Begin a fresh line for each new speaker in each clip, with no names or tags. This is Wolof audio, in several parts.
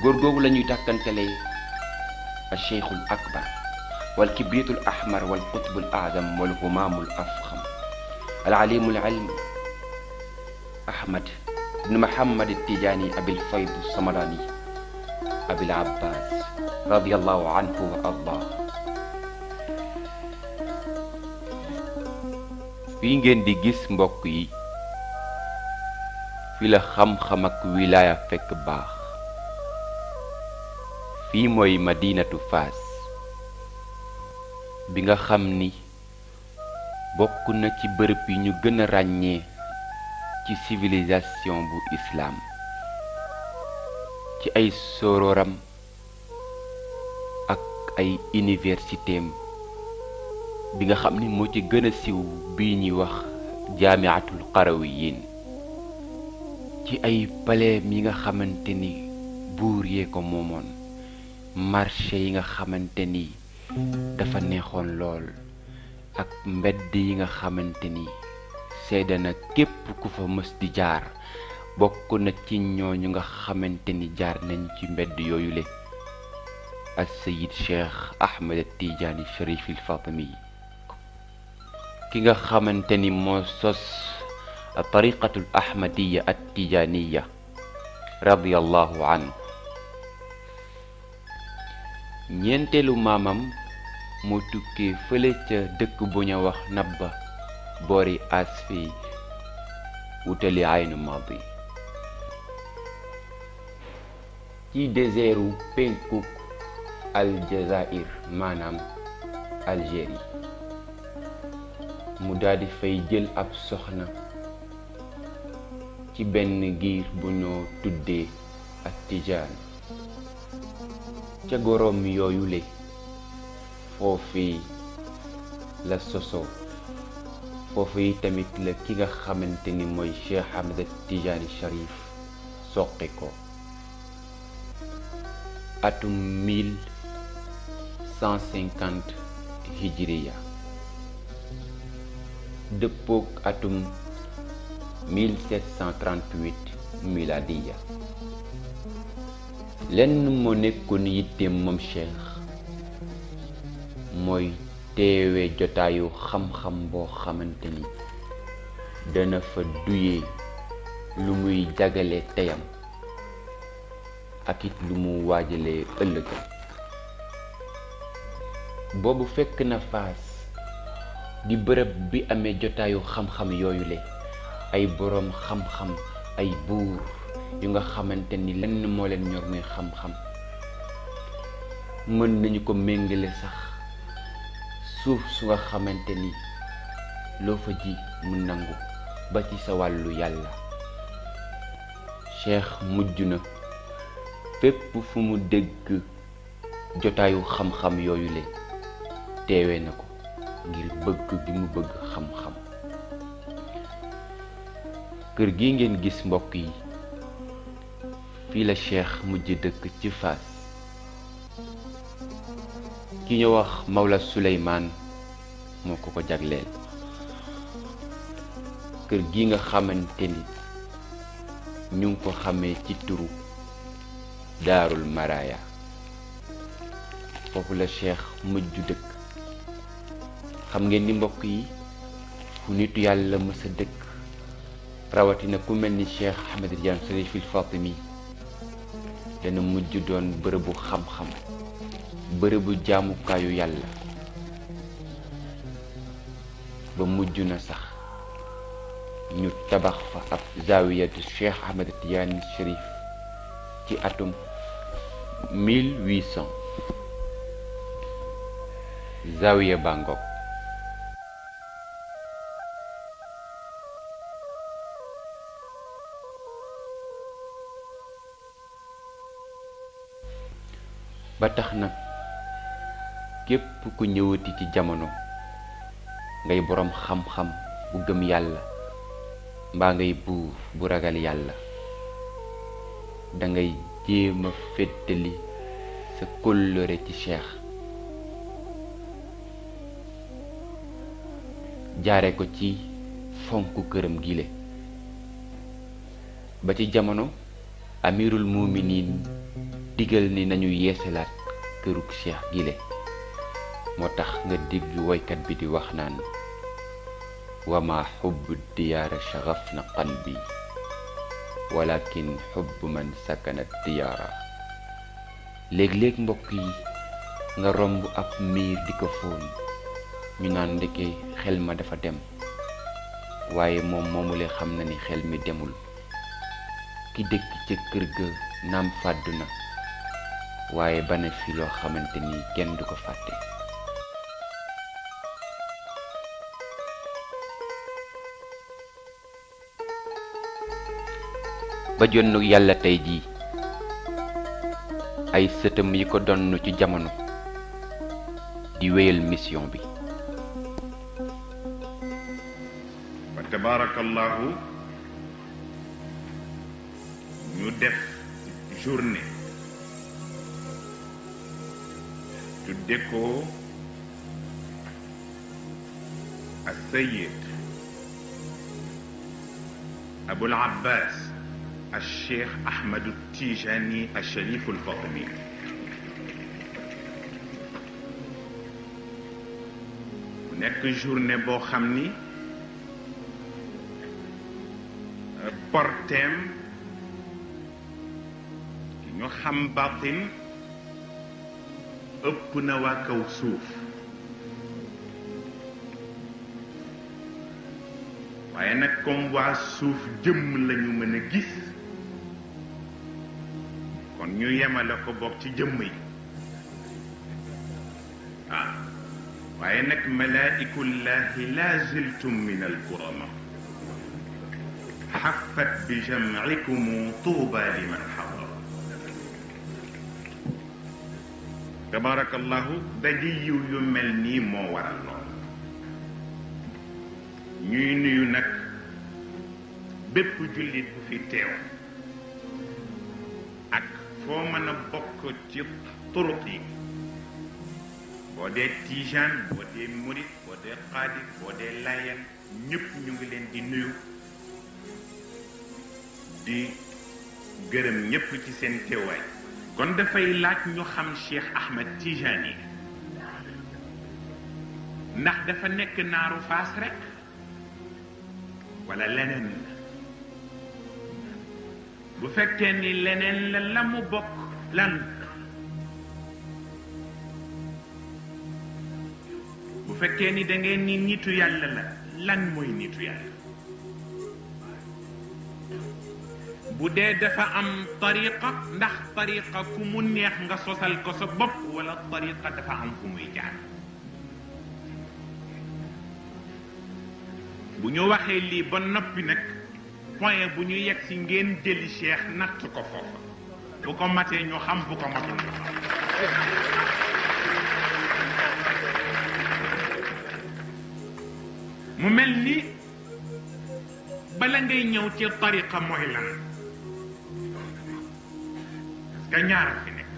góor googu la ñuy dàkkantele alcheikhul akbar wal kibritul ahmar wal qutbul azam wal humaamul afxam al alimul ilm ahmad ibn muhammad tijani abil fayd samarani abil abbas radiallahu anhu wa ardah fii ngeen di gis mbokk yi fi la xam-xam ak wilaya fekk baax fii mooy madinatu faas bi nga xam ni bokk na ci bërëb yi ñu gën a ràññee ci civilisation bu islaam ci ay sororam ak ay universitéem bi nga xam ni moo ci gën a siiw bii ñuy wax jaamiatul qarawiyin ci ay paleem yi nga xamante ni buur yee ko moomoon marché yi nga xamanteni dafa neexoon lool ak mbedd yi nga xamanteni ni na képp ku fa mës di jaar bokk na ci ñooñu nga xamanteni jaar nañ ci mbedd yooyule ak sayid cheikh ahmed tijaani sharif il fatimi ki nga xamante moo sos tariqatul ahmadiyya at tijaniya radiallahu anhu ñeenteelu maamam mu tukki fële ca dëkk bu ñu wax nabba boori asfi wutali aynu mab yi ci désertu penkuk aljazair maanaam algérie mu daldi fay jël ab soxna ci benn giir bu ñoo tuddee at tijaan ca goroom yooyu le foofu la soso foofu yi tamit la ki nga xamante ni mooy Cheikh Ahmed Tidiane Sharif soqi ko atum mille cent dëppook atum mille sept cent trente-huit miladiya lenn moo nekkoon yitteem moom cheikh mooy teewee jotaayu xam-xam boo xamante ni dana fa duyee lu muy jagale teyam ak it lu mu waajalee ëllëg boobu fekk na faas di bërëb bi amee jotaayu xam-xam yooyu ay boroom xam-xam ay buur yu nga xamante ni lenn moo leen ñor muy xam-xam mën nañu ko méngale sax suuf su nga xamante ni loo fa ji mu nangu ba ci sa wàllu yàlla cheikh mujj na fépp fu mu dégg jotaayu xam-xam yooyu le na ko ngir bëgg gi mu bëgg xam-xam kër gi ngeen gis mbokk yi fi la cheikh mujj dëkk ci Sulaiman ki ñu wax Mawla suleyman moo ko ko darul kër gi nga xamanteni ñu ko xamé ci turu darul maraya fofu la cheikh mujj dëkk xam ngeen ni mbokk yi fu nitu yalla mësa dëkk na ku melni cheikh Ahmed serigne fil Fatimi dana mujj doon bërëbu xam-xam bërëbu jaamukaayu yàlla ba mujj na sax ñu tabax fa ab zawiyatu Cheikh Ahmed Tidiane Chérif ci atum 1800 zawiya bangok ba tax na képp ku ñëwati ci jamono ngay boroom xam-xam bu gëm yàlla mbaa ngay buur bu ragal yàlla dangay jéem a féttali sa kóllëre ci cheikh jaare ko ci fonk këram gile ba ci jamono amirul muuminiin digel ni nañu yeesalaat kërug cheikh gile moo tax nga déglu woykat bi di wax naan wama xubb diyaara shagaf na qalbi walakin xubb man sakana diyaara léeg-léeg mbokk yi nga romb ab miir di ko fóon ñu naan ndeke xel ma dafa dem waaye moom moomule xam ni xel mi demul ki dëkk ca kër ga naam fàddu waaye ba fi loo xamante ni kenn du ko fàtte ba jonnu yàlla tey jii ay sëtam yi ko donn ci jamono di wéyal mission bi
fa tabarakallahu ñu def journée tudde ko السيد أبو العباس الشيخ أحمد التيجاني الشريف الفاطمي nekk journée boo xam ni porteem ki ñu xam batin ëpp na waa kaw suuf waaye nag comme waa suuf jëmm lañu mën a gis kon ñu yemale ko bokk ci jëmm yi ah waaye nag malaa'ikullahi laa ziltum min alkurama xaffat bi jamcikum tuuba liman tabaarakallahu daje yiw yu mel nii moo waral lool ñuy nuyu nag bépp jullit bu fi teew ak foo mën bokk ci turut yi boo dee tijaan boo dee murit boo dee xaadir boo dee layen ñépp ñu ngi leen di nuyu di gërëm ñépp ci seen teewaay kon dafay laaj ñu xam cheikh ahmed tijani ndax dafa nekk naaru faas rek wala leneen bu fekkee ni leneen la la mu bokk lan bu fekkee ni da ngeen ni nitu yàlla la lan mooy nitu yàlla bu dee dafa am tariqa ndax tariqa ku mu neex nga sosal ko sa bopp wala tariqa dafa am fu muy jaar bu ñu waxee lii ba noppi nag point bu ñu yegg si ngeen jëli cheikh natt ko foofa bu ko matee ñu xam bu ko matul ñu xam mu mel ni bala ngay ñëw ci tariqa mooy lan nga ñaaral fi nekk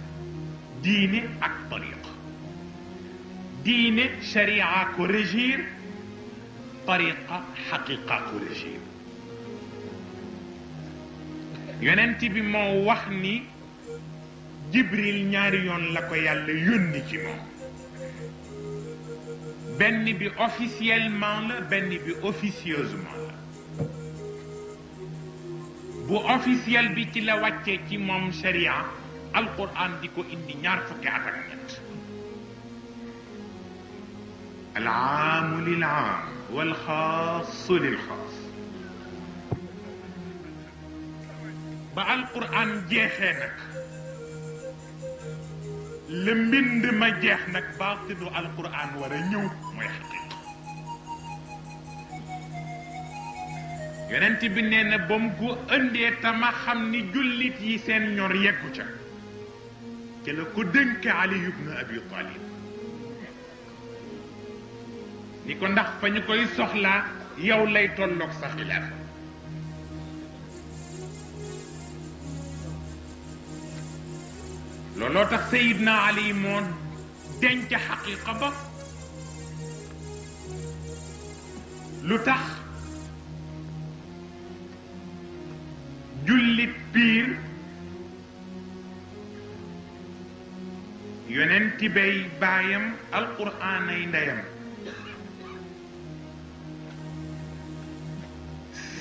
diine ak tariqa diine sharia ko régir tariqa xaqiqa ko régir yonent bi moo wax ni jibril ñaari yoon la ko yàlla yónni ci moom benn bi officiellement la benn bi officieusement la bu officiel bi ci la wàccee ci moom sharia القرآن ديكو إندي نار فكي عتك العام للعام والخاص للخاص با القرآن جيخينك لمند ما جيخنك باطن القرآن ورنيو ميخي yonent bi neena bam ko ëndee tama xam ni jullit yi seen ñor yeggu ca كان كدنك علي بن أبي طالب نيكو ندخ فنيكو يسخلا يو لاي تولوك سخلاف لولو تخ سيدنا علي مون دنك حقيقة با لتخ جلي بير يننتي بي بايم القرآن ينيم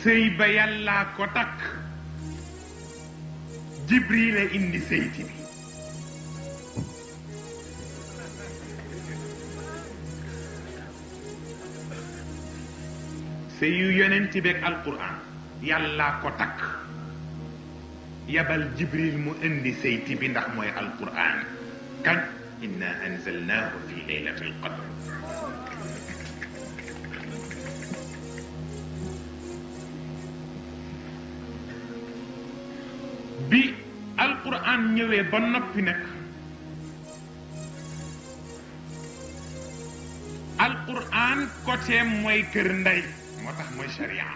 سي بي الله كتك جبريل إني سيتي سي يننتي بي القرآن يلا كتك يبل جبريل مو إني سيتي بي نحمي القرآن القرآن كان إنا أنزلناه في ليلة القدر بي القرآن يوي بنبينك القرآن كتيم موي كرندي موتاح موي شريعة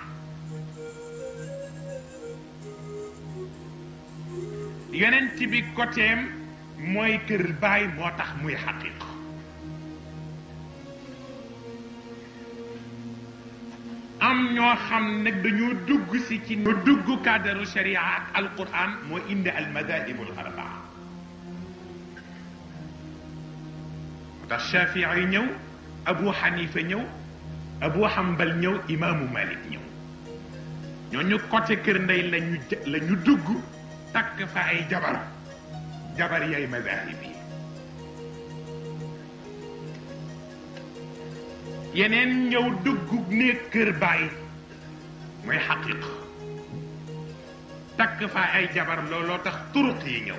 يونتي كتيم mooy kër baay moo tax muy xaqiqa am ñoo xam ne dañoo dugg si ci ñu dugg cadre sharia ak alquran moo indi al madahibu al arba ta shafii ñëw abu hanifa ñëw abu hanbal ñëw imam malik ñëw ñoo ñu côté kër ndey lañu lañu dugg tak fa ay jabar جبرية مذاهبي ينين يو دقوب نكر باي مي حقيقة تكفى اي جبر لولو تخطرق ينو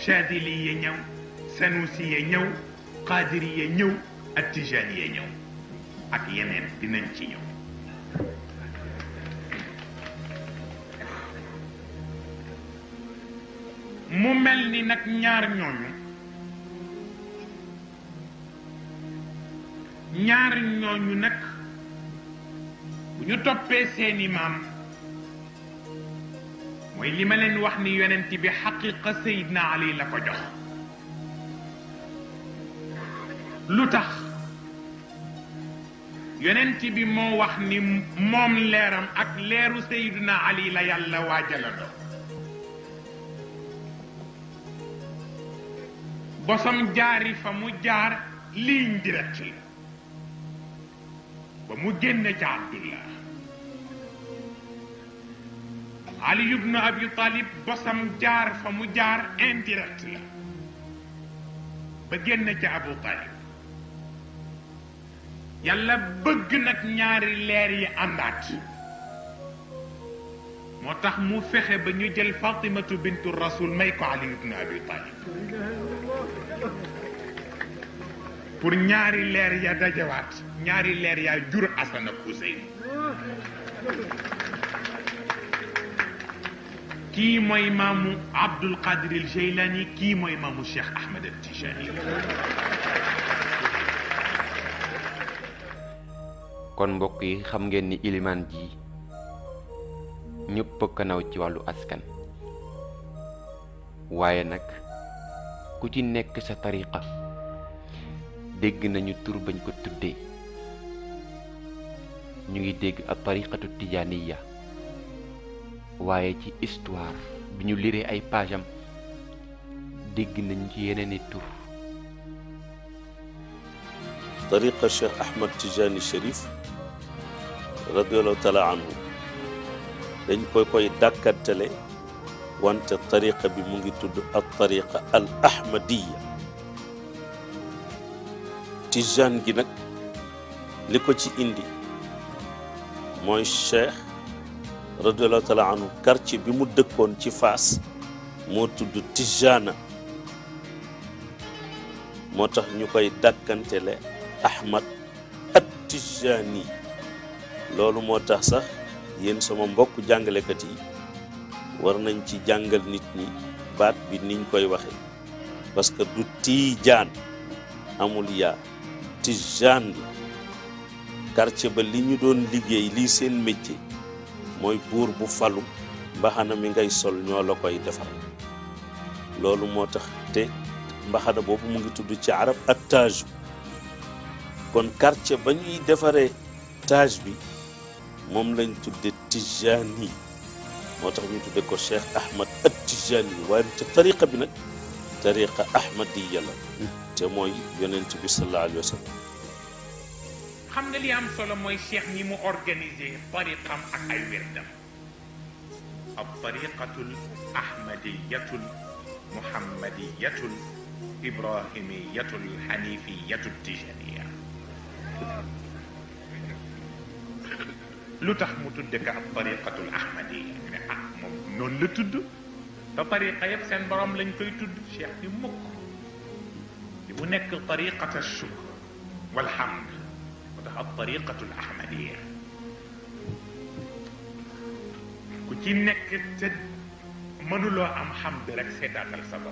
شادلي ينو سنوسي ينو قادري ينو التجاني ينو اكي ينين دينانشي ينو mu mel ni nag ñaar ñooñu ñaar ñooñu nag bu ñu toppee seeni maam mooy li ma leen wax ni yonent bi xaqiqa sayidna ali la ko jox lu tax yonent bi moo wax ni moom leeram ak leeru sayidna ali la yàlla waajala do bosam jaari fa mu jaar ligne directe la ba mu génne ca Abdullah Ali ibn Abi Talib bosam jaar fa mu jaar indirect la ba génne ca Abu Talib yàlla bëgg nag ñaari leer yi àndaat moo tax mu fexe ba ñu jël Fatimatu bintu Rasul may ko Ali ibn Abi Talib pour ñaari leer ya dajawaat ñaari leer ya jur asana ak kii mooy maamu Abdul Qadir al Jaylani kii mooy maamu Cheikh Ahmed al Tijani
kon mbokk yi xam ngeen ni iliman ji ñëpp a naw ci walu askan waaye nag ku ci nekk sa tariqa dégg nañu tur bañ ko tuddee ñu ngi dégg ab tariqatu tijaaniya waaye ci histoire bi ñu liree ay page am dégg nañ ci yeneeni tur
tariqa cheikh ahmad Tijani sharif radiallahu taala anhu dañ koy koy dàkkantale wante tariqa bi mu ngi tudd al tariqa al ahmadiya tijan gi nak liko ci indi moy cheikh radhiyallahu taala anhu quartier bi mu dëkkoon ci fas mo tuddu tijana motax ñukoy dakantele ahmad at tijani lolu motax sah, sax yeen sama mbokk warna yi war nañ ci jangal nit ñi baat bi niñ koy waxe parce que du tijan amul ya tijaan bi ba li ñu doon liggéey lii seen métier mooy buur bu falu mbaxana mi ngay sol ñoo la koy defar loolu moo tax te mbaxana boobu mu ngi tudd ci arab ak taaj kon karce ba ñuy defaree taaj bi moom lañ tudde tijaani moo tax ñu tudde ko cheikh ahmad at tijaani waaye te tariqa bi nag tariqa ahmadiya la te mooy yonent bi sallallahu alayhi wa sallam
xam nga li am solo mooy cheikh ni mu organisé tariqam ak ay werdam ab tariqatul ahmadiyatul muhammadiyatul ibrahimiyatul hanifiyatul tijaniya lu tax mu tudde ka ab tariqatul ahmadiya ne ah moom noonu la tudd te tariqa yëpp seen borom lañ koy tudd cheikh ni mukk هناك طريقة الشكر والحمد وده الطريقة العملية كنتي انك تد منولو ام حمد لك سيدا تلسبق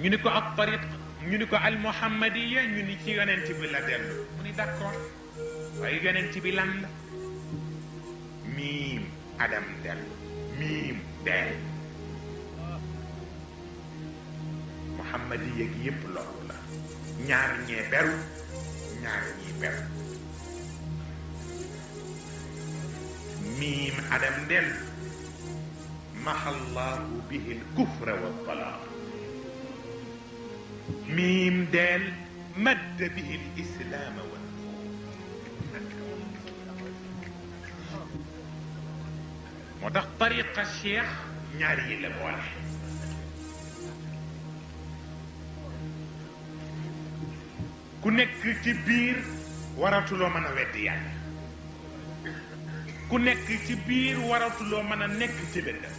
نينكو الطريق نينكو المحمدية نينكي يننتي بلا دل مني داكور وي يننتي بلا ميم ادم دل ميم دل muhammad yeg yépp loolu la ñaar ñee beru ñaar ñii beru miim adam nden maha allahu bihi lkufra waltalaq miim deel مد به الإسلام
والنور
مدى طريق الشيخ ناري لبوالحي ku nekk ci biir waratuloo mën a weddi yàlla ku nekk ci biir waratuloo mën a nekk ci lëndëm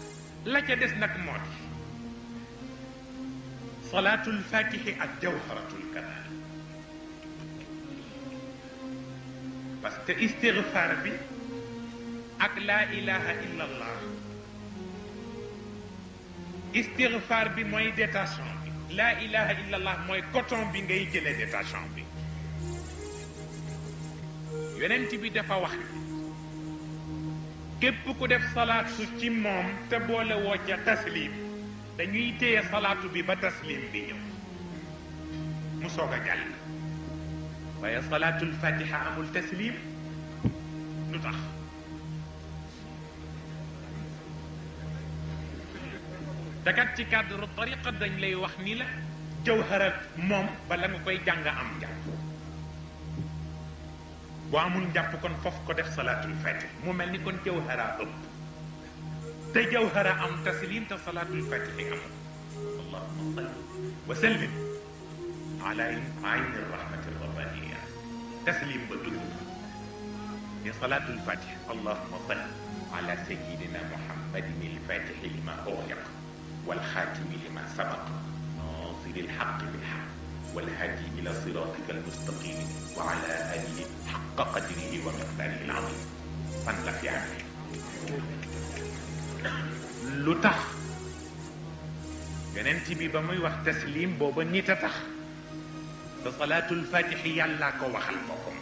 la ca des nag moo di salaatul faatixi ak jawharatul kamaal parce que istigfaar bi ak laa ilaha illa allah istigfaar bi mooy détachement la ilaha illallah moy coton bi ngay jëlee détachant bi ci bi dafa wax kep ku def salat su ci mom te bolé wo ci taslim dañuy téye salaatu bi ba taslim bi ñëw mu soga jàll waya salatul fatiha amul taslim lutax te ci cadre tariqa dañ lay wax ni la jawhara mom ba la ngoy jàng am njàpp bo amul japp kon fof ko def salatul fajr mu melni kon jawhara ëpp te jawhara am taslim ta salatul fajr am allahumma salli wa sallim ala ayni rahmati rabbaniya taslim ba dugg ni salaatul fatih allahumma salli ala sayyidina muhammadin al fatih lima ughliqa والحاكم لما سبق ناصر الحق بالحق والهادي إلى صراطك المستقيم وعلى آله حق قدره ومقداره العظيم صلى في عمله لطح يننتي ببمي تسليم بوبني نتتخ فصلاة الفاتح يلاك وخلفكم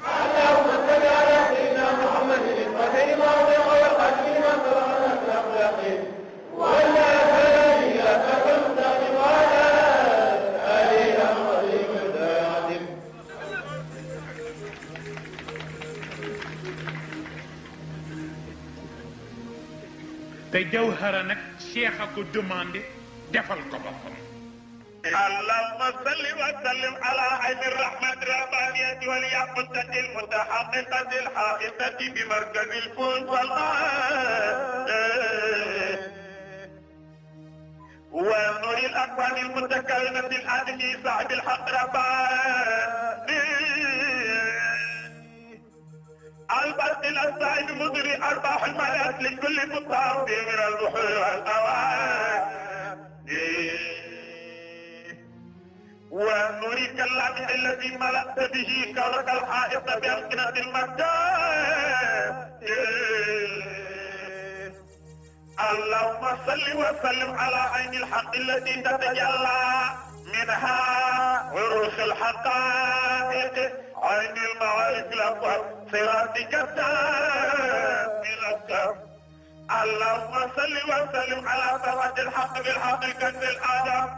اللهم صل على سيدنا محمد الفاتح ما وضع ويقاتل ما صلى على الاخلاق اليقين
te jawhara nak cheikh ko demander defal ko boppam
اللهم صل وسلم على عين الرحمة الربانية واليقظة المتحققة الحائقة بمركز الكون والقرآن ونور الأكوان المتكلمة الأدمي صاحب الحق رباني البرق الأسعد مدري أرباح الملاك لكل مطار من البحور والأوان ونريك اللعب الذي ملأت به كرك الحائط بأمكنة المكان اللهم صل وسلم على عين الحق التي تتجلى منها وروح الحقائق عين المعارك الأطهر صراطك التام الأكثر اللهم صل وسلم على سراج الحق بالحق الكنز الآدم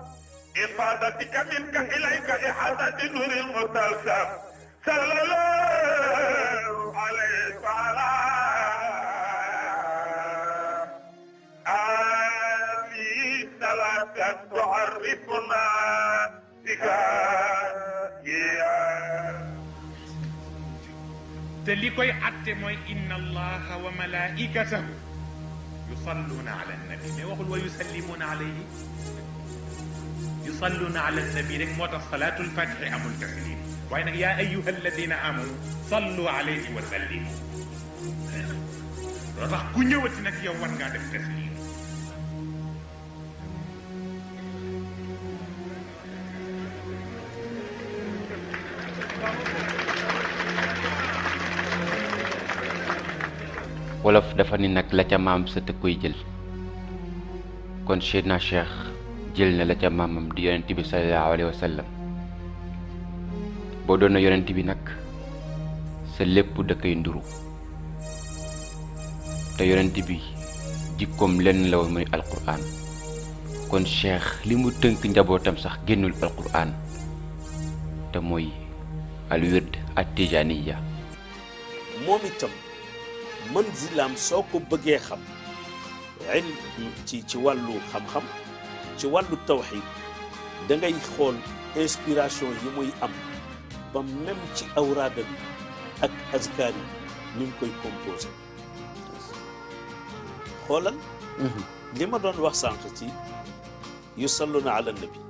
إفادتك منك إليك إحاطة نور المتلسم صلى الله عليه وعلى آمين صلاة تعرفنا بها
تليكوي أتموي إن الله وملائكته يصلون على النبي ما ويسلمون عليه يصلون على النبي لك موت الصلاة الفتح أم التسليم وإن يا أيها الذين آمنوا صلوا عليه وسلموا رضاك كنيوتنا في يوم قادم تسليم
wolof dafa ni nak la ca mam sa koy jël kon Seydina Cheikh jël na la ca mamam di yonent tibi sallallahu alaihi wasallam bo doona doon tibi nak bi nag sa lepp da kay nduru te yonent bi jikkom len la won muy alquran kon Cheikh limu teunk njabotam sax gennul alquran te mooy alwird at tijaniya
manzilam soo ko bëggee xam ilm ci ci wàllu xam-xam ci wàllu tawxid da ngay xool inspiration yi muy am ba même ci awraada bi ak askar yi ñu ngi koy composé xoolal li ma doon wax sànq ci yusalluna ala nabi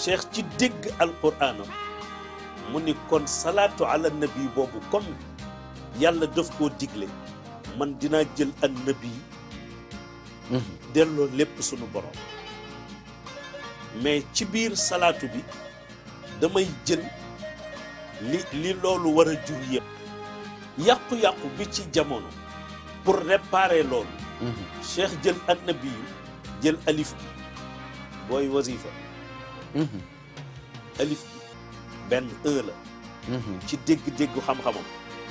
cheikh ci dégg alquranam mu ni kon salaatu ala nabi boobu comme yàlla daf koo digle man dinaa jël annabi delloo lépp sunu borom mais ci biir salaatu bi damay jël li li loolu war a jur yëpp yàqu-yàqu bi ci jamono pour réparer loolu cheikh jël annabi yu jël alif bi booy wasifa alif bi benn un la ci dégg-déggu xam-xamam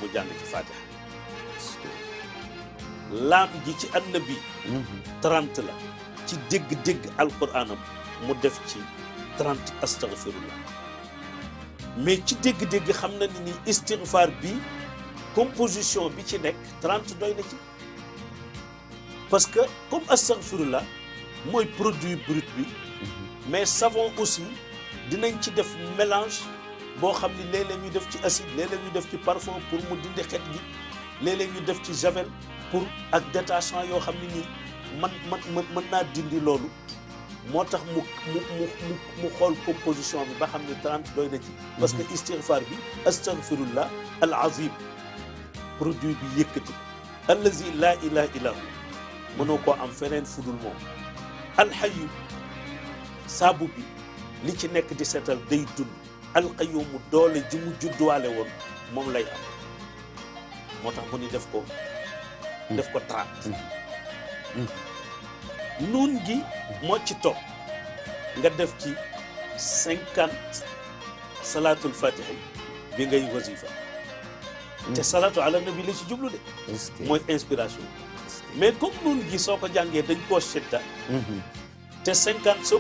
mu jàng ci fatiha laam ji ci annabi 30 la ci dégg-dégg alquranam mu def ci 30 astaghfirullah mais ci dégg-dégg xamna na ni istighfar bi composition bi ci nek 30 doy na ci parce que comme astaghfirullah moy produit brut bi mhm. mais savons aussi dinañ ci def mélange boo xam ni léeg-léeg ñu def ci acide parfum pour ak détachant yoo xam ne man man man mën dindi loolu moo mu mu mu mu mu composition bi ba xam 30 doy ci. parce que istighfar bi astaghfirullah al azim produit bi yëkkati allazi laa ilaha illa hu mënoo koo am feneen fudul moom alxayu saabu bi li ci nekk di seetal day dund. alqayumu doole ji mu judduwaale woon moom lay am moo tax mu ni def ko def ko trente nuun gi moo ci topp nga def ci cinquante salaatul fatiha bi ngay wasifa te salaatu ala nabi la ci jublu de mooy inspiration mais comme nuun gi soo ko jàngee dañ koo sedda mm-hmm. te cinquante soo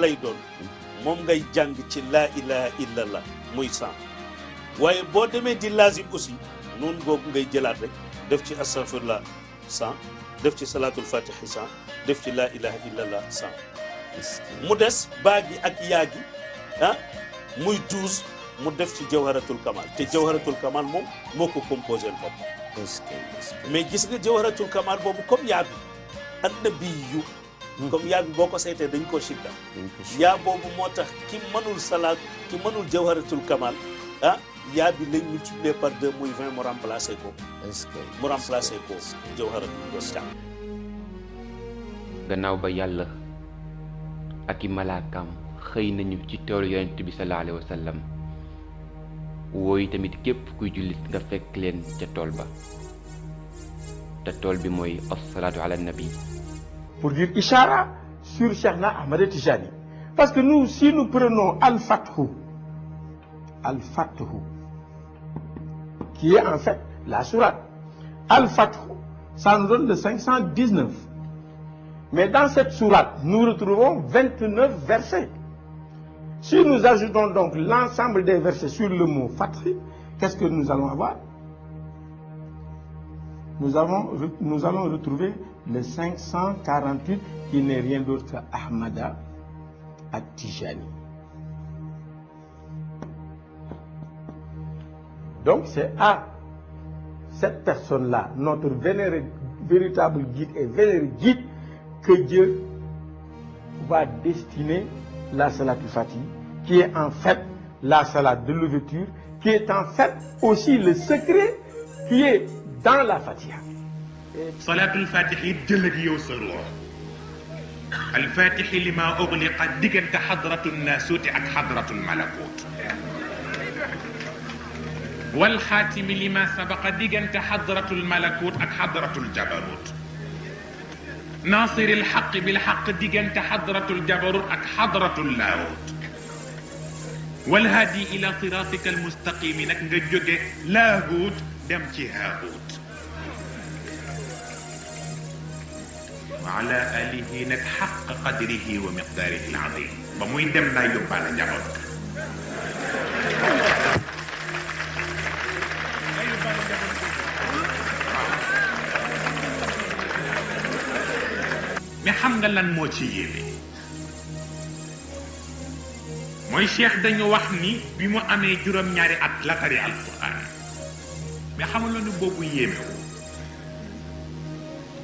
lay doon moom ngay jàng ci la ilaha illallah muy cent waaye boo demee di lazim aussi noonu googu ngay jëlaat rek def ci astafirullah cent def ci salaatu fatihi cent def ci laa ilaha illallah cent mu des baa gi ak yaa gi ah, muy douze mu def ci jawharatul kamal te jawharatul kamal moom moo ko composé bopp mais gis nga jawharatul kamal boobu comme yaa bi annabiyu comme yaa boko boo dañ ko chita ya bobu motax ki manul salat ki manul jawharatul kamal ah ya bi lay multiplier par deux moy vingt mo remplacer ko est mo remplacer ko jawharatul kamal
gannaaw ba yàlla ak malakam malaakaam xëy nañu ci toolu yoyentou bi sallallahu alayhi wasallam woy tamit kep kuy julit nga fek len ci tol ba ta tol bi moy as-salatu ala nabi
pour dire Ishara sur Cherna Amadé Tijani. Parce que nous, si nous prenons al fatou al fathu qui est en fait la sourate, al fatou ça nous donne le 519. Mais dans cette sourate, nous retrouvons 29 versets. Si nous ajoutons donc l'ensemble des versets sur le mot fatri, qu'est-ce que nous allons avoir nous, nous allons retrouver le 548 qui n'est rien d'autre qu'Ahmada à tijani Donc c'est à cette personne-là, notre véritable guide et vénéré guide, que Dieu va destiner la salat du Fatih, qui est en fait la salat de l'ouverture, qui est en fait aussi le secret qui est dans la Fatiha.
صلاة الفاتح يدلك يوسروا الفاتح لما أغلق ديك حضرة الناسوت أك حضرة الملكوت والخاتم لما سبق ديك أنت حضرة الملكوت أك حضرة الجبروت ناصر الحق بالحق ديك أنت حضرة الجبروت أك حضرة اللاهوت والهادي إلى صراطك المستقيم نك لاهوت دمتي هاهوت وعلى آله نتحقق قدره ومقداره العظيم بموين دم لا يبع لجمعك محمد الموتي موي شيخ دانيو واخني بيمو امي جورم نياري ات القران مي خامل بوبو ييميو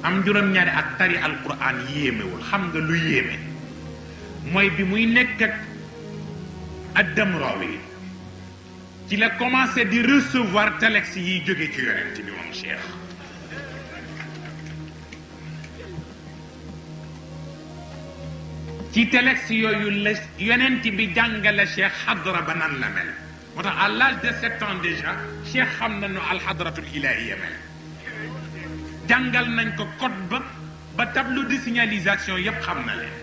am juróom-ñaari ak tari alquran yéemewul xam nga lu yéeme mooy bi muy nekk ak addam roow yi ci la commencé di recevoir telex yi jóge ci yonent bi moom cheikh ci telex yooyu la yonent bi jàngale cheikh xadra ba nan la mel moo tax à l'âge de sept ans déjà cheikh xam na nu alxadratul ilahiya mel jàngal nañ ko code ba ba tableau de signalisation yépp xam na leen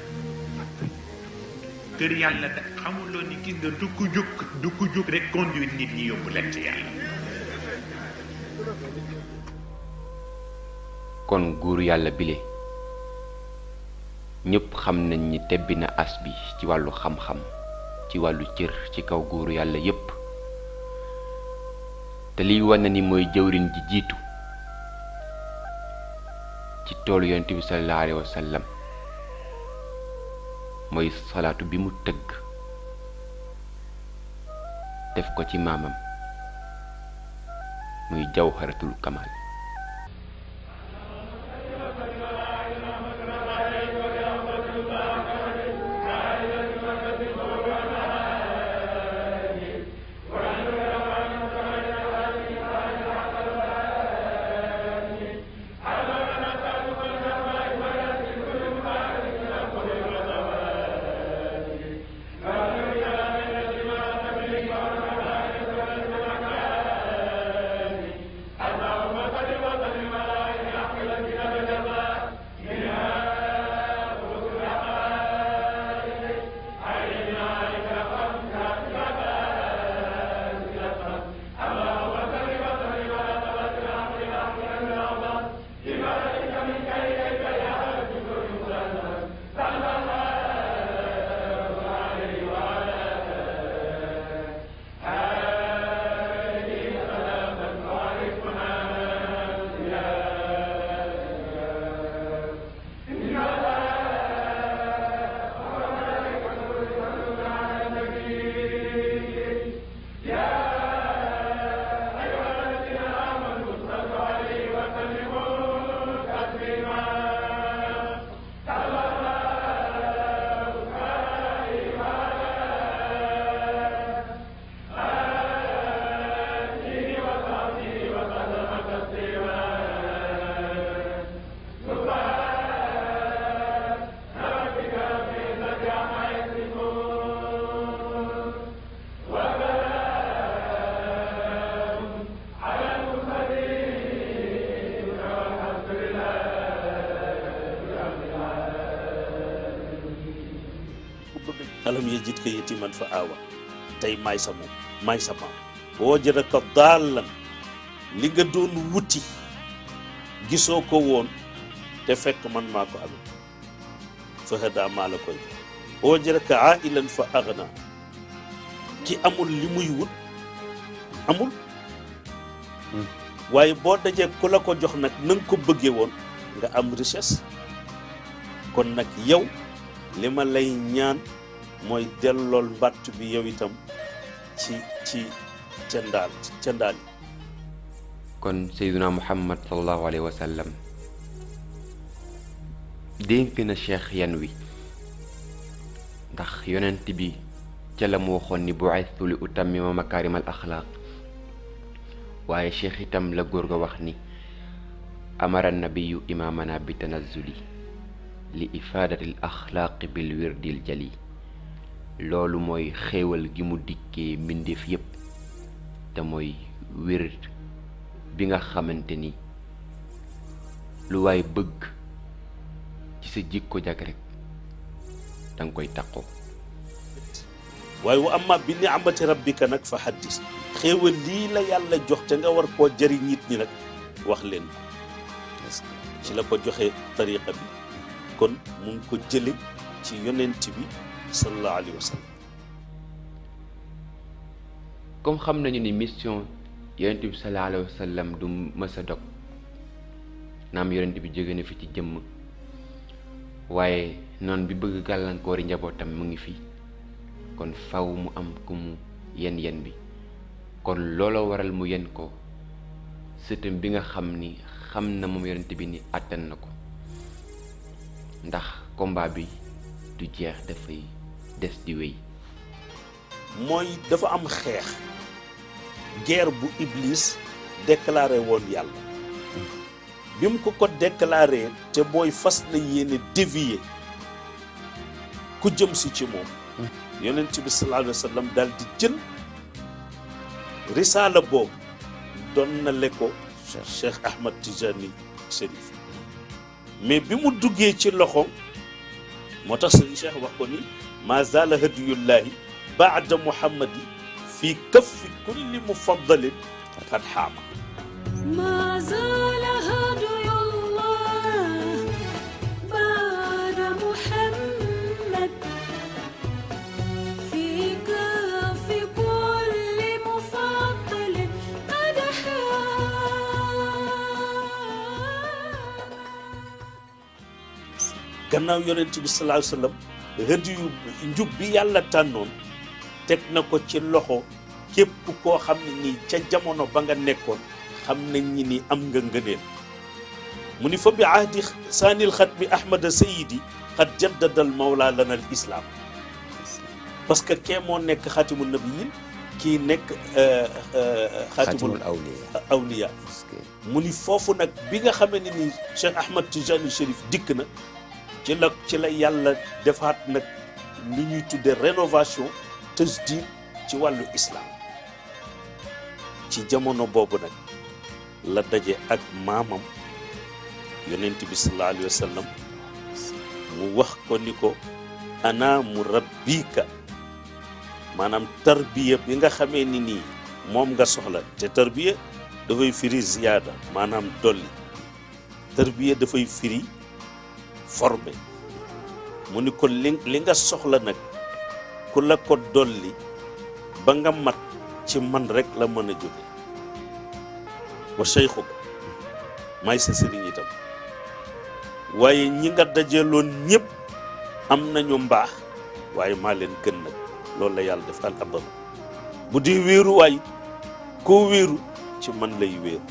kër yàlla da xamuloo ni gis nga du ko jóg du ko jóg nit ñi yóbbu leen ci yàlla
kon guur yàlla bile ñépp xam nañ ni tebbi na as bi ci wàllu xam-xam ci wàllu cër ci kaw guuru yàlla yépp te liy wane ni mooy jëwriñ ji jiitu ci toolu yonent bi sallallahu alayhi wa sallam mooy salaatu bi mu tëgg def ko ci maamam muy jawharatul kamal
yati man fa aawa tey maay sa moom maay sa maam boo jëra ko daallan li nga doon wuti gisoo ko woon te fekk man maa ko amee fahadaa maa la koy boo jëra ka ailan fa agna ki amul li muy wut amul waaye boo dajee ku la ko jox nag na ko bëggee woon nga am richesse kon nag yow li ma lay ñaan moy delol mbattu bi yow itam ci ci cendal ci candaal
kon sayyiduna muhammad salallahu alayhi wa sallam dénk na cheikh yanwi ndax yonent bi ci lam waxon ni bu'ithu li utammima makarim al akhlaq waye cheikh itam la gor ga wax ni amara an imaamana imamana bitanazzuli li ifaadati al axlaaqi bil wirdil jali loolu mooy xéewal gi mu dikkee mbindeef yépp te mooy wér bi nga xamante ni lu waay bëgg ci sa jikko jag rek danga koy taqoo
waaye wu wa amma bi ni'mati rabbika nag fa haddis xéewal lii la yàlla jox ca nga war koo jëriñ yit ñi nag wax leen ci la ko joxee tariqa bi kon mu ngi ko jële ci yonent bi sallallahu alaihi wasallam
comme xam nañu ni mission yaronte bi sallallahu alaihi wasallam du mësa dog nam yaronte bi jëgëne fi ci jëm waye non bi bëgg njabotam mu ngi fi kon faw mu am ku yen yen bi kon lolo waral mu yen ko seutum bi nga xam ni xam na moom yonent bi ni àttan ndax combat bi du jeex fay des di wéy
mooy dafa am xeex guerre bu Iblis déclaré woon yàlla bi mu ko ko déclaré te booy fas la yéene dévier ku jëm si ci moom yonent bi sallallahu alayhi wa sallam daal di jël risaala boobu doon na le ko Cheikh Ahmad Tijani Chérif mais bi mu duggee ci loxo moo tax sëñ Cheikh wax ko ni ما زال هدي الله بعد محمد في كف كل مفضل قد حام
ما زال هدي الله بعد محمد في كف كل مفضل قد حام
gannaaw yonent bi sallallahu alayhi wa sallam rëdd yu njub bi yàlla tànnoon teg na ko ci loxo képp koo xam ne ca jamono ba nga nekkoon xam nañ ñi ni am nga ngëneel mu ni fa bi ahdi saanil xat mi ahmada sayidi xat jaddadal mawla lana al islam parce que kee moo nekk xatimu nabiyin kii nekk euh, euh, xaatimul awliya mu ni foofu nag bi nga xamee ne ni Cheikh Ahmad Tijani Chérif dikk na ci la ci la yàlla defaat nag li ñuy tudde rénovation tasdir ci wàllu islam ci jamono boobu nag la daje ak maamam yonent bi sallallahu alayhi wasallam mu wax ko ni ko ana murabbika maanaam tarbiya bi nga xamee ni nii moom nga soxla te tarbiya dafay firi ziyaada maanaam dolli tarbiya dafay firi formé mu ni ko li li nga soxla nag ku la ko dolli ba nga mat ci man rek la mën a jóge wa cheikhu ko may sa sëriñ itam waaye ñi nga dajaloon ñëpp am nañu mbaax waaye maa leen gën nag loolu la yàlla def al abam bu di wéeru waay koo wéeru ci man lay wéeru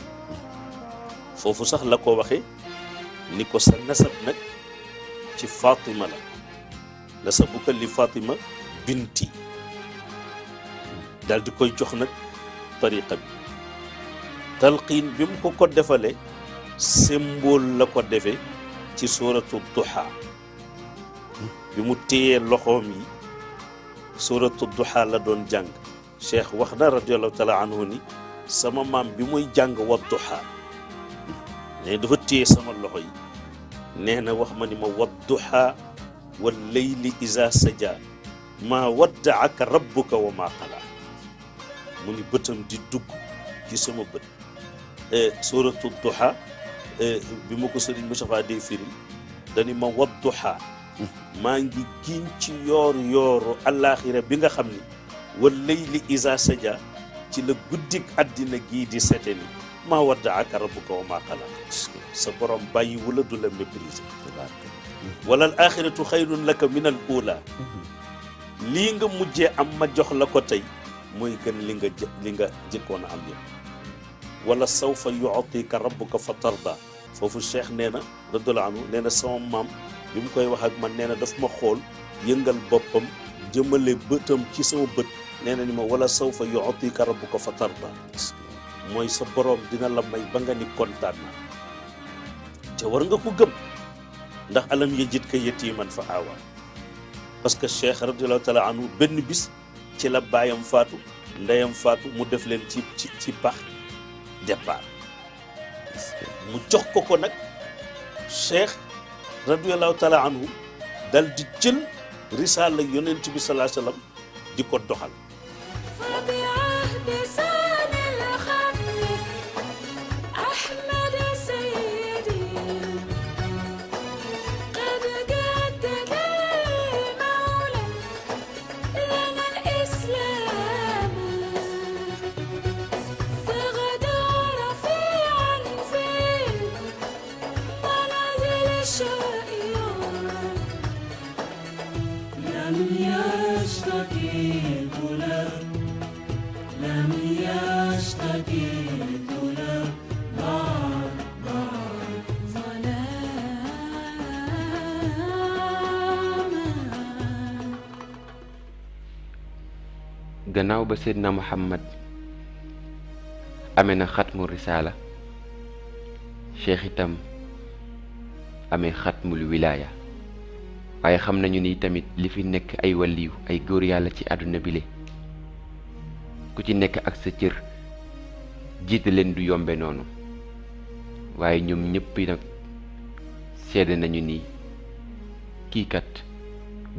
foofu sax la ko waxe ni ko sa nasab nag ci fatima la nasabuka li fatima binti dal di koy jox nak tariqa bi talqin bim ko ko defale symbole la ko defé ci suratu duha bi mu téyee loxom yi suratu duha la don jàng cheikh wax radiyallahu taala anhu ni sama mam bi muy jàng wa duha ne dafa téye sama loxoy yi نينا وهمن ما ودها والليل إذا سجى ما ودعك ربك وما قلى من بتم دي دوك كي سما بت إيه، سورة الضحى إيه، بمكو سوري مصطفى دي فيلم داني ما ودها ما نجي كينتي يور يور الاخره بيغا خامني والليل اذا سجى تي لا غوديك ادينا جي دي ستني ما ودعك ربك وما قلى سبرم باي ولد ولا مبريز ولا الآخرة خير لك من الأولى لينغ مجي أما جوخ لكوتي ممكن لينغ لينغ جيكون عمي ولا سوف يعطيك ربك فترضى فوفو الشيخ نينا ردول عنو نينا سوى مام يمكوي وحاق من نينا دف مخول ينغل بوبم جمالي بتم كيسو بت نينا نيما ولا سوف يعطيك ربك فترضى موي سبرم دينا لما يبنغني كونتانا te war nga ko gëm ndax alam yajid ka yatiiman fa aawaa parce que cheikh radiallahu taala anhu benn bis ci la baayam faatu ndeyam faatu mu def leen ci ci ci pax départ mu jox ko ko nag cheikh radiallahu taala anhu dal di jël risaala yonent bi salaa sallam di ko doxal
gannaaw ba seydina muhammad ame na xatmu risaala cheikh itam amee xatmul wilaaya waaye xam nañu ni tamit li fi nekk ay waliyu ay góor yàlla ci àdduna bile ku ci nekk ak sa cër jiite leen du yombe noonu waaye ñoom ñëpp nag seede nañu ni kii kat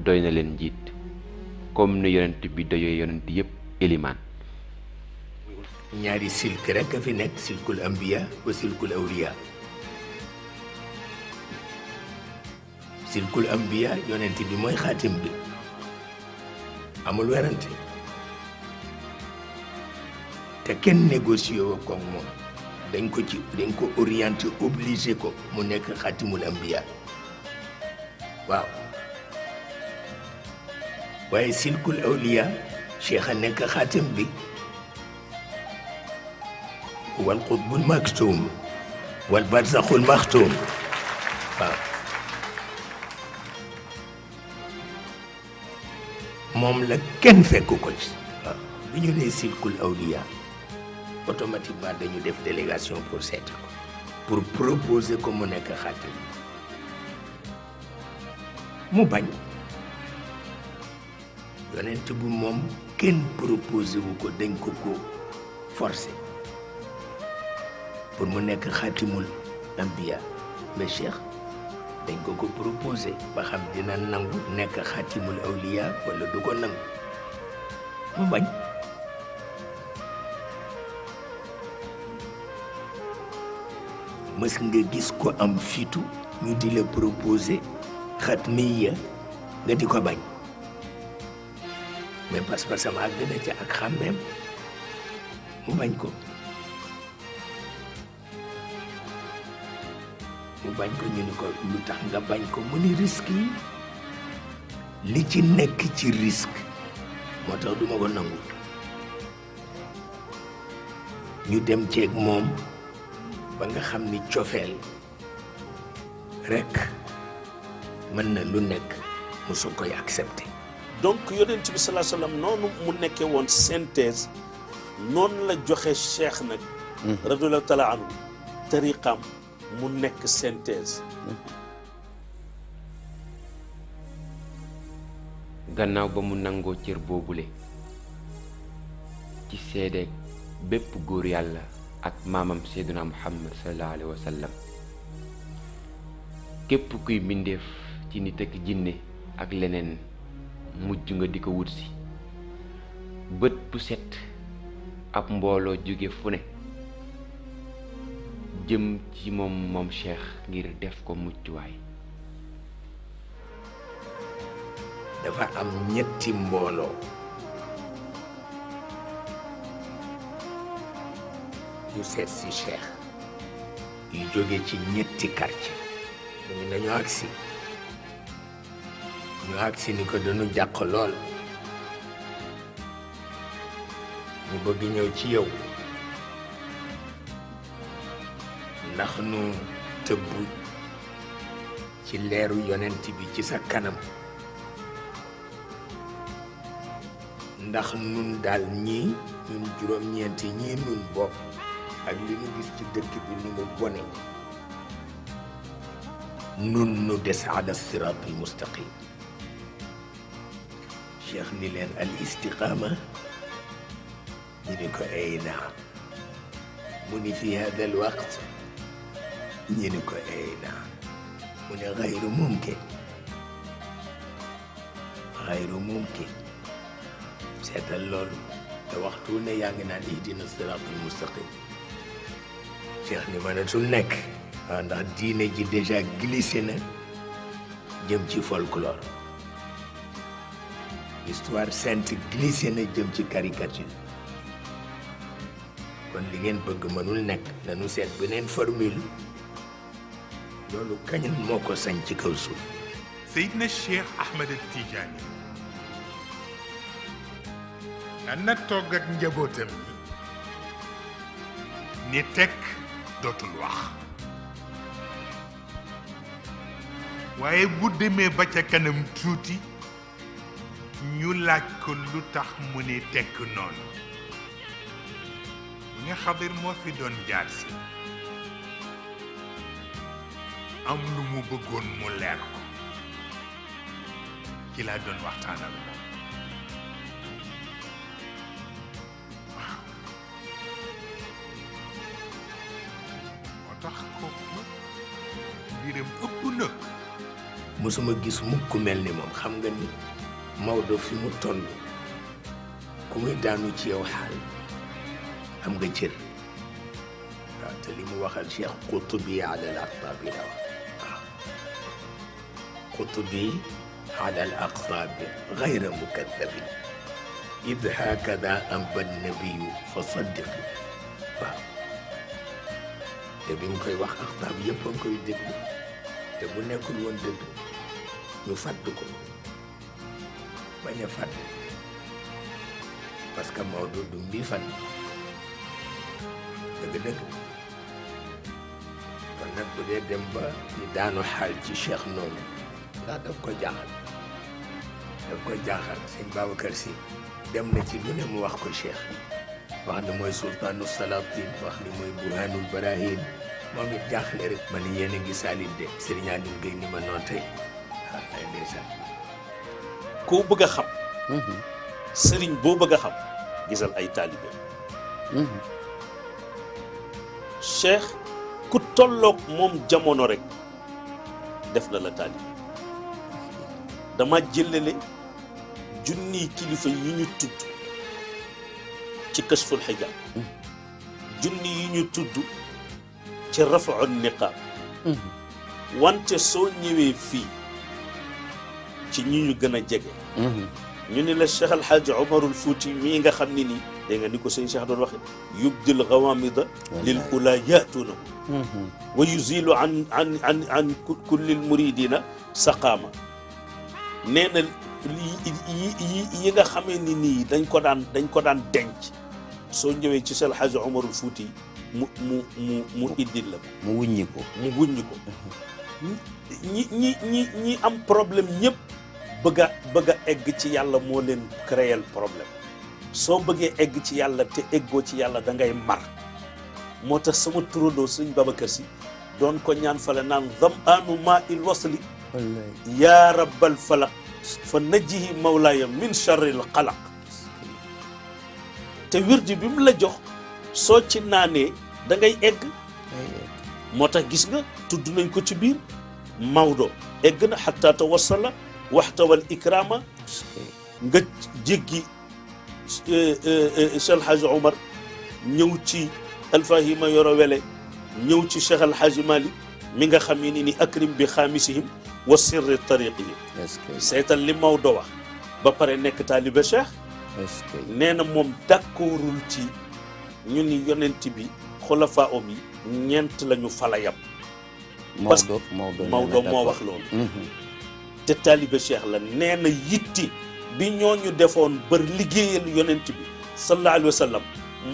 doy na leen njiit comme ni yonent bi dayoo yonent yëpp élimaan
ñaari silk rek a fi nekk silkul ambiya wa silkul awliya silkul ambiya yonent bi mooy xaatim bi amul werante te kenn négocié woo ko moom dañ ko ci dañ ko orienté obligé ko mu nekk xaatimul ambiya waaw واي سلك الاولياء شيخ انك خاتم بي هو القطب المكتوم والبرزخ المختوم ف... موم لا كان فيكو كل بنيو لي سلك الاولياء اوتوماتيكمان دانيو ديف ديليغاسيون بور سيت بور بروبوزي كومو نيك خاتم مو باني yonent bu moom kenn proposé wu ko dañ ko ko forcé pour mu nekk xaatimul ambiya mais cheikh dañ ko ko proposé ba xam dina nangu nekk xaatimul awliya wala du ko nangu mu bañ mës nga gis ko am fitu ñu di la proposé xatmiya nga di ko bañ mais pas-pasam ak dina ci ak xàmmeem mu bañ ko mu bañ ko ñu ni ko lu tax nga bañ ko mu ni risque yi li ci nekk ci risque moo tax duma ko nangu ñu dem ceeg moom ba nga xam ni cofeel rekk mën na lu nekk mu soog koy accepté
donc yonent bi salaa noonu mu nekkee woon synthèse noonu la joxe cheikh nag mhm. radiallahu taala anhu tariqam mu nekk synthèse
gannaaw ba mu nangoo cër boobule ci seede bépp góor yàlla ak maamam seyduna muhammad sallallahu képp kuy mbindeef ci nit ak jinne ak leneen mujj nga di ko wut si bët bu set ab mbooloo jóge fu ne jëm ci moom moom Cheikh ngir def ko muccuwaay dafa am ñetti mbooloo
yu seet si Cheikh yu jóge ci ñetti quartier ñu agsi ñu agsi ni ko dañu jàq lool ñu bëgg ñëw ci yow ndax nu tëbb ci leeru yonent bi ci sa kanam ndax nun daal ñii ñun juróom-ñeenti ñii nun bopp ak li ñu gis ci dëkk bi ni bone nun nu des ala siraat al شيخ نيلان الاستقامة نينيكو أي نعم مني في هذا الوقت نينيكو أي نعم مني غير ممكن غير ممكن سيدا اللول توقتونا يانجنا يعني نهدينا الصراط المستقيم شيخ نيمانا تولنك عند الدين جي ديجا جلسنا جمتي فولكلور histoire sainte glissé na jëm ci caricature kon li ngeen bëgg mënul nekk nanu seet beneen formule loolu kañan moo ko sañ ci kaw suuf
Seydina Cheikh Ahmed al Tijaani daan na togg ak njabootam ni tekk dootul wax waaye bu demee ba ca kanam tuuti ñu laaj ko lu tax mu ne tekk noonu mu xabir moo fi
doon jaar si am lu mu bëggoon mu leer ko ci laa doon waxtaanal moom
moo tax kooku mbiram ëpp na.
mosuma gis mukk mel ni moom xam nga ni. mawdo fi mu toll ku muy daanu ci yow xaal am nga cër waaw te li mu waxal Cheikh Qutbi ala al aqtab la wax waaw Qutbi ala al aqtab gayra mukaddabi id hakada amba nabiyu fa saddiq waaw te bi mu koy wax aqtab yëpp a koy déglu te bu nekkul woon dëgg ñu fàdd ko bañ a fàtte parce que Maodo du mbi fàtte dëgg-dëgg dem ba di daf ko jaaxal daf ko jaaxal sëñ Babacar Si dem na ci lu ne mu wax ko Cheikh wax ni mooy sultaanu Salatin wax ni mooy burhanul barahim moom it jaaxle rek ma ni yéen ngi salit de Serigne Aliou Gueye ni ma noon tey ah ay ndeysaan koo bëgg a xam
sëriñ boo bëgg a xam gisal ay taalibe cheikh ku tolloog moom jamono rek def na la taalibe dama jëlale junniy kilifa yi ñu tudd ci kasful xijaab junni yi ñu tudd ci rafaul niqaab wante soo ñëwee fii ci ñi ñu gën a jege ñu ni la cheikh alhaaj omarul fouti mii nga xam ne nii nga ni ko cheikh doon waxe yubdil gawamida lil ula wa yuzilu an an an an kullil muridina saqaama nee yi yi nga xamee ni nii dañ ko daan dañ ko daan denc soo ñëwee ci cheikh alhaaj omarul fouti mu mu mu mu iddil la mu wuññi mu wuññi ñi ñi ñi am problème ñëpp bëgg a egg ci yàlla moo leen créel problème soo bëggee egg ci yàlla te eggoo ci yàlla da ngay mar moo tax sama turandoo suñ kër Si doon ko ñaan fale naan dam aanu maa il wasli yaa rabbal falaq fa najjihi mawlaaya min charril xalaq te wirdi bi mu la jox soo ci naanee da ngay egg moo tax gis nga tudd nañ ko ci biir Maodo egg na xatta tawassala واحتوى الإكرامة قد جيجي شال حاج عمر نيوتي الفاهيمة يروالي نيوتي شيخ الحاج مالي من خمينيني أكرم بخامسهم والسر الطريقي سيطان لما ودوا بابر نك طالب شيخ نينا موم داكورول تي ñu ni yonent bi xulafa om yi ñent lañu falayam
parce que mawdo mawdo moo
te talibe cheikh la néna yitti bi ñooñu defoon ba liggéeyal yonent bi sallallahu alayhi wasallam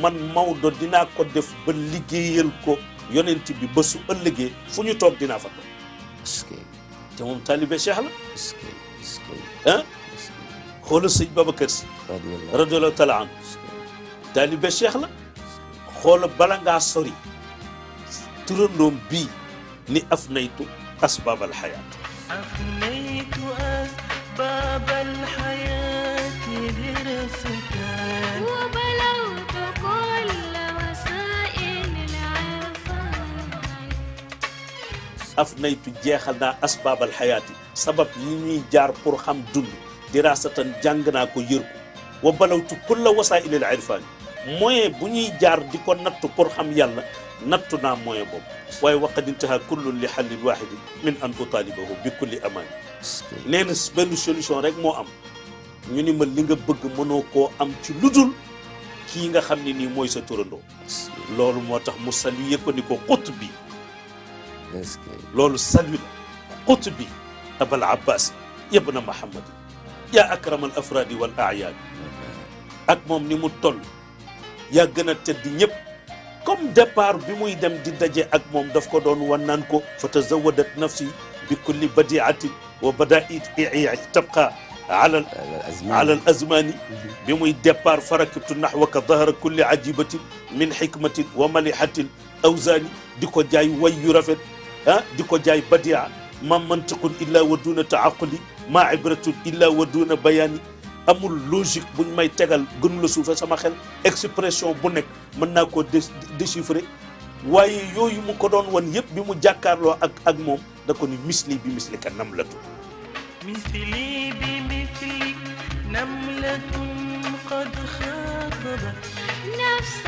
man mawdo dina ko def ba liggéeyal ko yonent bi ba su ëllëgee fu ñu toog dina fa toog te moom talibe cheikh la ah xoolal sëñ Babacar si radiallahu taala an talibe cheikh la xoola bala ngaa sori turandoom bii ni afnaytu asbaab alxayaat afnaytu jeexal naa asbaabal xayaati sabab yi ñuy jaar pour xam dund diraasatan jàng naa ko yër ko wa balawtu kulla wasaa'ilil irfaani moyen bu ñuy jaar di ko natt pour xam yàlla nattu naa moyen boobu waaye waqad intaha kullun li xallin waaxidin min an utaalibahu bi kulli amaani nee na benn solution rek moo am ñu ni ma li nga bëgg mënoo koo am ci ludul kii nga xam ne nii mooy sa turandoo loolu moo tax mu saluye ko xut bi مسكي لولو السلولة قطبي أبا العباس يا ابن محمد يا أكرم الأفراد والأعياد أكمم نمو يا قنا التدينيب كم دبار بمو يدم دي أكمم دفكو دون ونانكو فتزودت نفسي بكل بديعة وبدائت إعيعي تبقى على الأزمان. على الأزمان بمي ديبار فركبت نحوك ظهر كل عجيبة من حكمة وملحة أوزاني ديكو جاي وي رفت diko jaay badia ma mantiqun illa waduna taaquli ma ibratun illa waduna bayani amul logique buñ may tegal gënu la suufe sama xel expression bu nek mën na ko déchiffrer waye yoyu mu ko doon won yépp bi mu jakarlo ak ak mom da ko ni misli bi misli kan nam la
misli nam la tu qad خاطبت nafs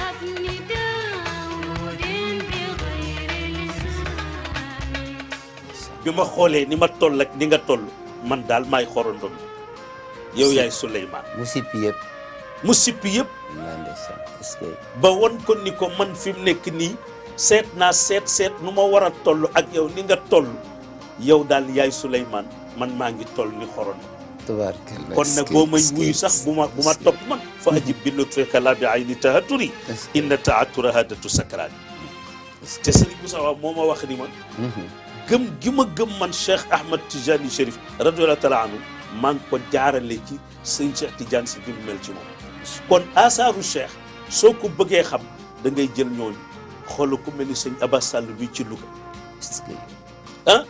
bi ma xoolee ni ma toll ak ni nga toll man daal may maay xorondom yow yaay Souleymane mu sippi yëpp mu sippi yëpp ba won ko ni ko man fi mu nekk nii seet naa seet seet nu ma war a toll ak yow ni nga toll yow daal yaay Souleymane man maa ngi toll ni xorondom
kon nag boo may wuyu
sax bu ma bu ma topp man fa mhm. ajib bi not fekka laa bi ay ni tahaturi inna tahatura hadatu sakraat te Serigne Moussa moo ma wax ni man mhm. gëm gi ma gëm man cheikh ahmed tijani chérif radiallahu taala anhu man ko jaarale ci sëñ cheikh tijani ci bimu mel ci mom kon asaru cheikh soo ko xam da ngay jël ñooñu xol ku mel ni sëñ aba sall bi ci lu ah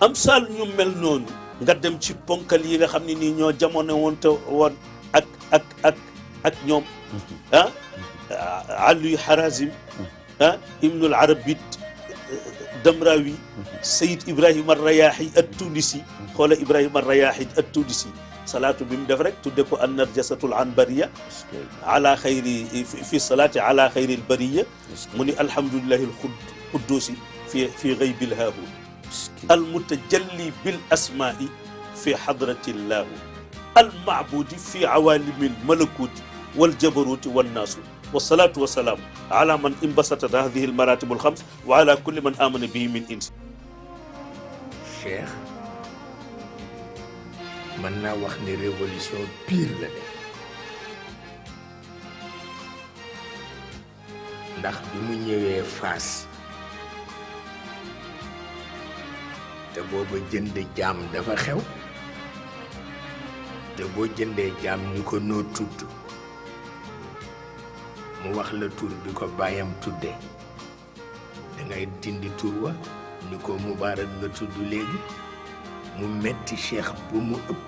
am sall ñu mel noonu nga dem ci ponkal yi nga xam ni ñoo jamono won te won ak ak ak ak ñoom ah ali harazim ibn al arabit الدمراوي سيد إبراهيم الرياحي التونسي قال إبراهيم الرياحي التونسي صلاة بيم داف رك تودكو النرجسة العنبرية على خير في الصلاة على خير البرية من الحمد لله القدوسي في في غيب الهابون المتجلي بالأسماء في حضرة الله المعبود في عوالم الملكوت والجبروت والناسوت والصلاة والسلام على من انبسطت هذه المراتب الخمس وعلى كل من آمن به من إنس شيخ
منا وخني ريفوليسيون بير لا ndax bi mu ñëwee faas te booba jënd jaam dafa xew te boo jëndee jaam ñu ko noo tudd mu wax la tur bi ko bàyyam tudde dangay dindi tur wa ni ko mubaarak nga tudd léegi mu metti cheikh bu mu ëpp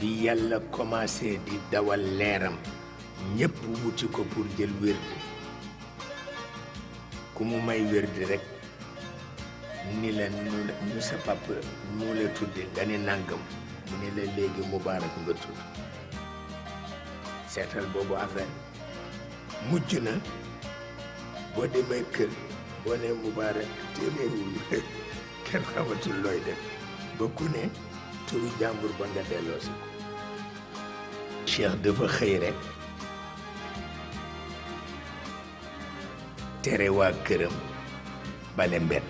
bi yàlla commencé di dawal leeram ñépp wuti ko pour jël wérdi ku mu may wérdi rek ni la ñu sa papa mu la tudde nga ni mu ni la léegi mubaarak nga tudd seetal boobu affaire mujj na boo demee kër boo nee Moubarak téeméerul jàmbur ba nga delloo si ko Cheikh dafa xëy rek tere waa këram bale mbett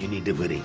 ñu ni dafa rëy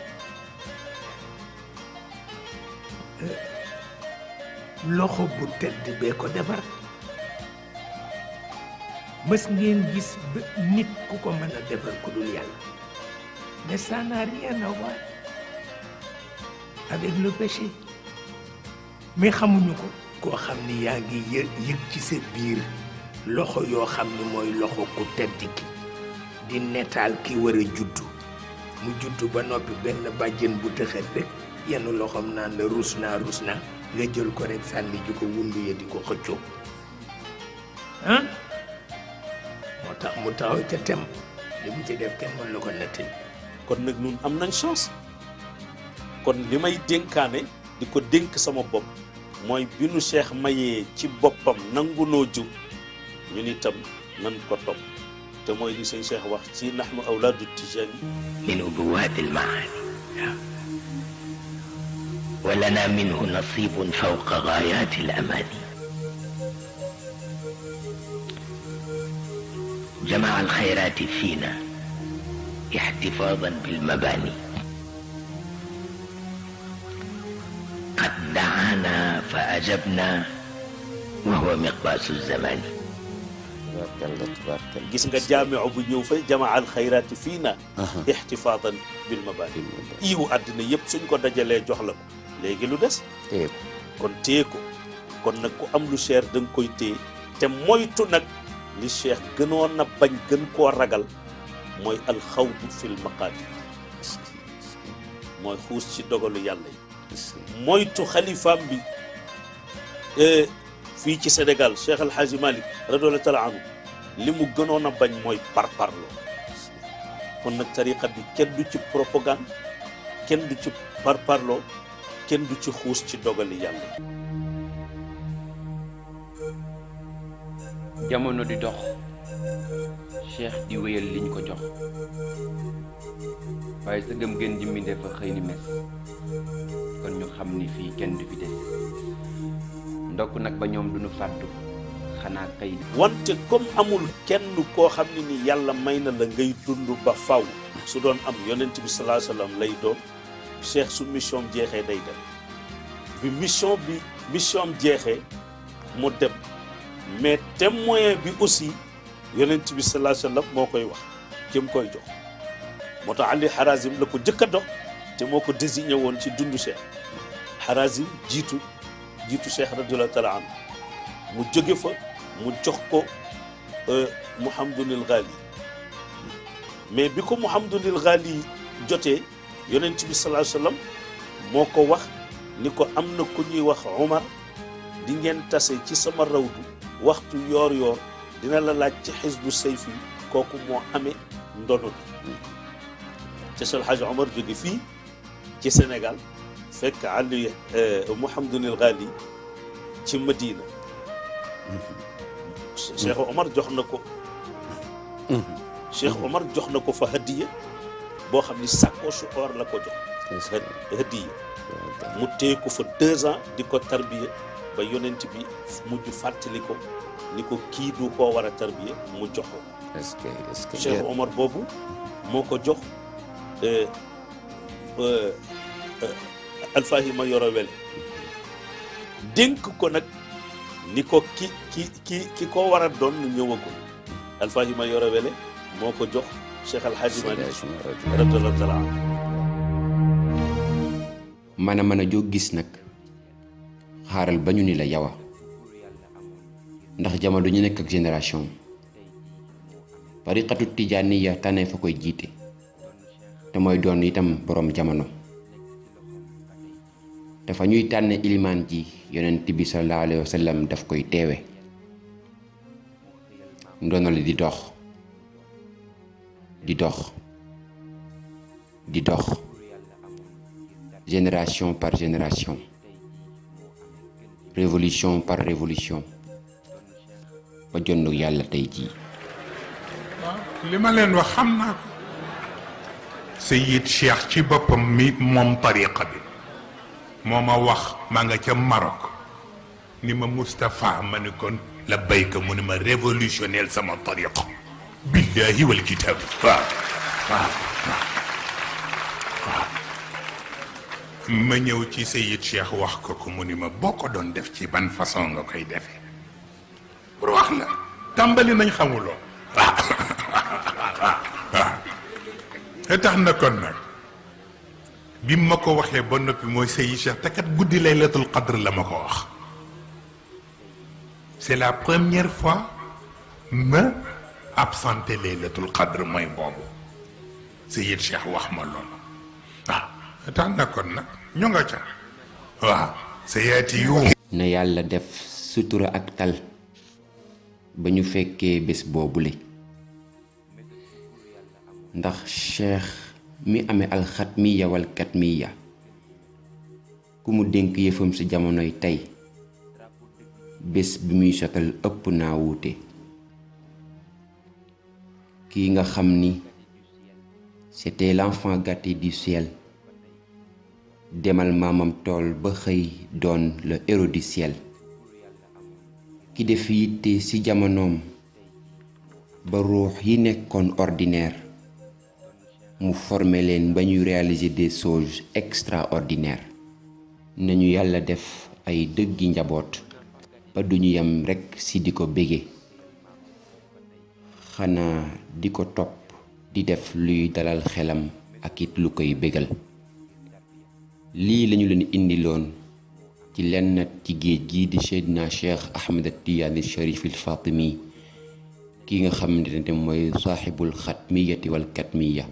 loxo bu tedd bee ko defar mës ngeen gis nit ku ko mën a defar ku dul yàlla mais ça n'a rien à voir avec le péché xamuñu ko koo xam ni yaa ngi yë yëg ci sa biir loxo yoo xam ni mooy loxo ku tedd ki di netaal ki war juddu mu juddu ba noppi benn bàjjen bu tëxat rek yenn loxoom naan la rus naa rus naa nga jël ko rek sànni ju ko wundu ya di ko xëccoo ah moo tax mu taxaw ca tem li mu ci dem kenn mën na ko nettali kon nag nun am nañ chance kon li may
dénkaane di ko dénk sama bopp mooy bi nu Cheikh mayee ci boppam nangu noo ñu ñun itam nan ko topp te mooy li sëñ Cheikh wax ci
nahnu awlaadu tijaani min ubuwaabil maani waaw ولنا منه نصيب فوق غايات الأمان جمع الخيرات فينا احتفاظا بالمباني قد دعانا فأجبنا وهو مقباس الزمان
جسم الجامع بنيو في جمع الخيرات فينا احتفاظا بالمباني ايو ادنا يبسن كو دجالي جوحلكو léegi lu des téye ko kon téye ko kon nag ku am lu cher dang nga koy téye te moytu nag li cheikh gënoon bañ gën koo ragal mooy alxawdu fil maqaadir mooy xuus ci dogalu yàlla yi moytu xalifaam bi eh, fii ci Sénégal Cheikh El Hadji Malick radiyallahu taala anhu li mu gënoon a bañ mooy parparloo kon nag tariqa bi kenn du ci propagande kenn du ci parparloo kenn ci xuus ci dogali
jamono di dox cheikh di wéyal liñ ko jox waaye sa gëm gën jimmi ndefa xëy ni mes kon ñu xam ni fii kenn du fi des ndokk nag ba ñoom duñu fàddu
xanaa kay wante comme amul kenn koo xam ne ni yàlla may na la ngay dund ba faw su doon am yonent bi salaa salaam lay doon Cheikh su mission jeexee day dem bi mission bi mission jeexe mu dem mais moyen bi aussi yonent bi sallallahu alayhi moo koy wax ki koy jox moo tax Ali Harazim la ko jëkk a dox te moo ko désigné woon ci dundu Cheikh Harazim jiitu jiitu Cheikh radiyallahu taala anhu mu jóge fa mu jox ko euh, Mouhamadunil Ghali mais bi ko Mouhamadunil Ghali jotee. yonent bi salaa sallam moo ko wax ni ko am na ku ñuy wax umar di ngeen tase ci sama rawdu waxtu yoor yoor dina la laaj ci xisbu sayfi kooku moo amee ndono bi te sel xaj omar jóge fii ci sénégal fekk ali mouhamadunil ghali ci madina cheikh omar jox na ko cheikh omar jox na ko fa hadiya boo xam ni sacoche or la ko jox hëddiya mu téye ko fa deux ans di ko tarbiya ba yonent bi mujj fàttali ko ni ko kii du koo war a tarbiya mu jox ko est boobu moo ko jox euh, euh, euh, alfahima yoro wele dénk ko nag ni ko ki ki ki ki ko wara a doon ñëwagul alfahima yoro wele moo ko jox man
Al a mën a joo gis nag xaaral ba ñu ni la yawa ndax jamono ñu nekk ak génération tariqatu tijaaniya tànnee fa koy jiite te mooy doon itam boroom jamono dafa ñuy tànn ilimaan ji yonent bi sallallahu alayhi daf koy teewe ndono li di dox di dox di dox génération par génération révolution par révolution ba jonn yalla tay ji
li ma wax xamna sayyid Cheikh ci bopam mi mom tariqa bi moma ma wax maa nga ca Maroc ni ma Moustapha ma kon la bayka mu ma révolutionnel sama tariqa بالله والكتاب ف... ف... ما نيو تي سيد شيخ واخكو كوموني ما بوكو دون ديف تي بان فاصون غاكاي ديف روخنا تامبالي نان خامولو ها تاخنا كون نا بيم ماكو واخي با نوبي موي سيد شيخ تاكات غودي ليله القدر لا ماكو واخ سي لا بروميير فوا ما absenté laylatul qadr mooy wax ma ah,
na yàlla def sutura ak tal ba ñu fekkee bés boobule ndax cheikh mi amee alxatmiya wal katmiya ku mu dénk yëfam si jamonoy tey bés bi muy sotal ëpp naa wuute Qui nga xamni c'était l'enfant gâté du ciel demal mamam tol ba xey le héros du ciel ki def yitte ci jamonoom ba ruh yi nekkoon ordinaire mu formé len ba ñu réaliser des choses extraordinaires nañu yalla def ay gi njabot ba duñu yam rek si di ko xana di ko topp di def luy dalal xelam ak it lu koy bégal lii lañu leen indi indiloon ci lenn ci géej gi di Seydina Cheikh Ahmed tiyani sharif il Fatimi ki nga xamante ne mooy saaxibul xatmiyati wal katmiya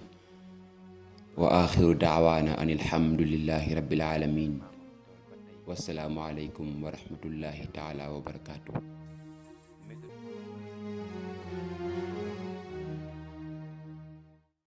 wa axiru daawaana an alhamdulillahi rabbil alamin wassalaamu aleykum wa rahmatullahi taala wa barakaatu